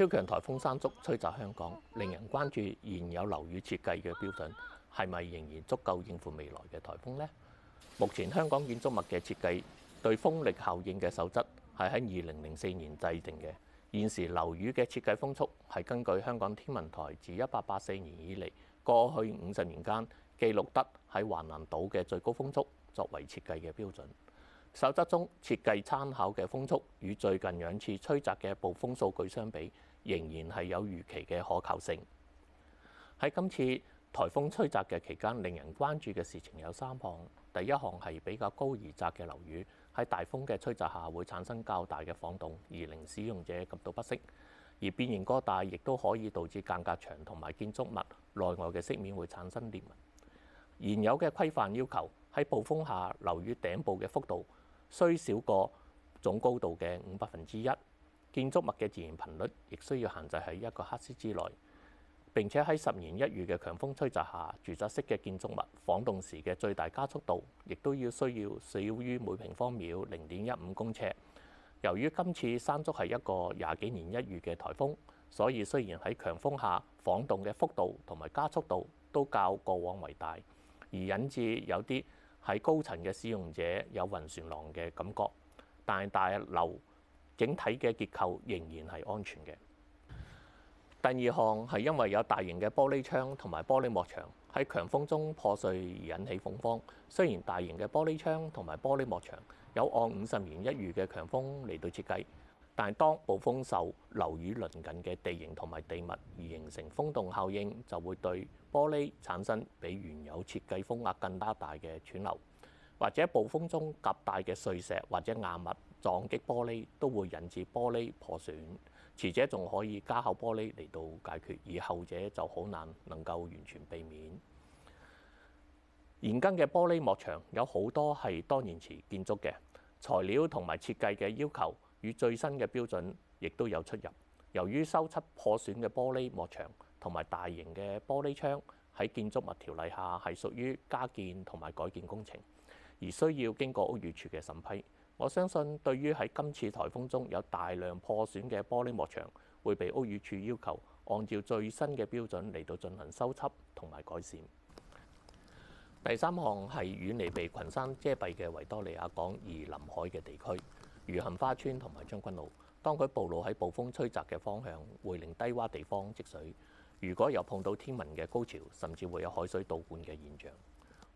超強颱風山竹吹襲香港，令人關注現有樓宇設計嘅標準係咪仍然足夠應付未來嘅颱風呢？目前香港建築物嘅設計對風力效應嘅守則係喺二零零四年制定嘅。現時樓宇嘅設計風速係根據香港天文台自一八八四年以嚟過去五十年間記錄得喺華南島嘅最高風速作為設計嘅標準。守則中設計參考嘅風速與最近兩次吹襲嘅暴風數據相比，仍然係有預期嘅可靠性。喺今次颱風吹襲嘅期間，令人關注嘅事情有三項。第一項係比較高而窄嘅樓宇喺大風嘅吹襲下會產生較大嘅晃動，而令使用者感到不適。而變形過大亦都可以導致間隔牆同埋建築物內外嘅飾面會產生裂紋。現有嘅規範要求喺暴風下樓宇頂部嘅幅度需少過總高度嘅五百分之一。建築物嘅自然頻率亦需要限制喺一個赫茲之內，並且喺十年一遇嘅強風吹襲下，住宅式嘅建築物晃動時嘅最大加速度，亦都要需要少於每平方秒零點一五公尺。由於今次山竹係一個廿幾年一遇嘅颱風，所以雖然喺強風下晃動嘅幅度同埋加速度都較過往為大，而引致有啲喺高層嘅使用者有暈船浪嘅感覺。但大樓整體嘅結構仍然係安全嘅。第二項係因為有大型嘅玻璃窗同埋玻璃幕牆喺強風中破碎而引起恐慌。雖然大型嘅玻璃窗同埋玻璃幕牆有按五十年一遇嘅強風嚟到設計，但係當暴風受樓宇鄰近嘅地形同埋地物而形成風洞效應，就會對玻璃產生比原有設計風壓更加大嘅穿流，或者暴風中夾大嘅碎石或者硬物。撞擊玻璃都會引致玻璃破損，前者仲可以加厚玻璃嚟到解決，而後者就好難能夠完全避免。現今嘅玻璃幕牆有好多係多年前建築嘅材料同埋設計嘅要求，與最新嘅標準亦都有出入。由於修葺破損嘅玻璃幕牆同埋大型嘅玻璃窗喺建築物條例下係屬於加建同埋改建工程，而需要經過屋宇署嘅審批。我相信，對於喺今次颱風中有大量破損嘅玻璃幕牆，會被屋宇署要求按照最新嘅標準嚟到進行修葺同埋改善。第三項係遠離被群山遮蔽嘅維多利亞港而臨海嘅地區，如杏花村同埋將軍澳。當佢暴露喺暴風吹襲嘅方向，會令低窪地方積水。如果有碰到天文嘅高潮，甚至會有海水倒灌嘅現象。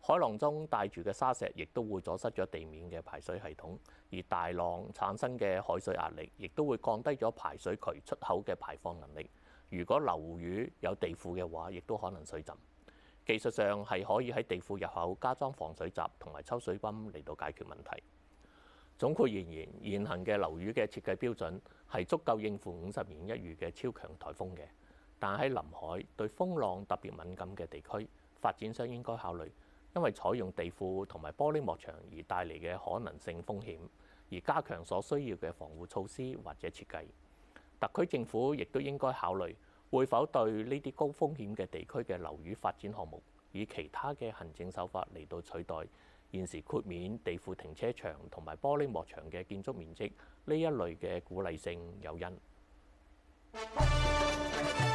海浪中帶住嘅沙石，亦都會阻塞咗地面嘅排水系統；而大浪產生嘅海水壓力，亦都會降低咗排水渠出口嘅排放能力。如果樓宇有地庫嘅話，亦都可能水浸。技術上係可以喺地庫入口加裝防水閘同埋抽水泵嚟到解決問題。總括而言，現行嘅樓宇嘅設計標準係足夠應付五十年一遇嘅超強颱風嘅，但喺臨海對風浪特別敏感嘅地區，發展商應該考慮。因為採用地庫同埋玻璃幕牆而帶嚟嘅可能性風險，而加強所需要嘅防護措施或者設計，特區政府亦都應該考慮會否對呢啲高風險嘅地區嘅樓宇發展項目，以其他嘅行政手法嚟到取代現時豁免地庫停車場同埋玻璃幕牆嘅建築面積呢一類嘅鼓勵性誘因。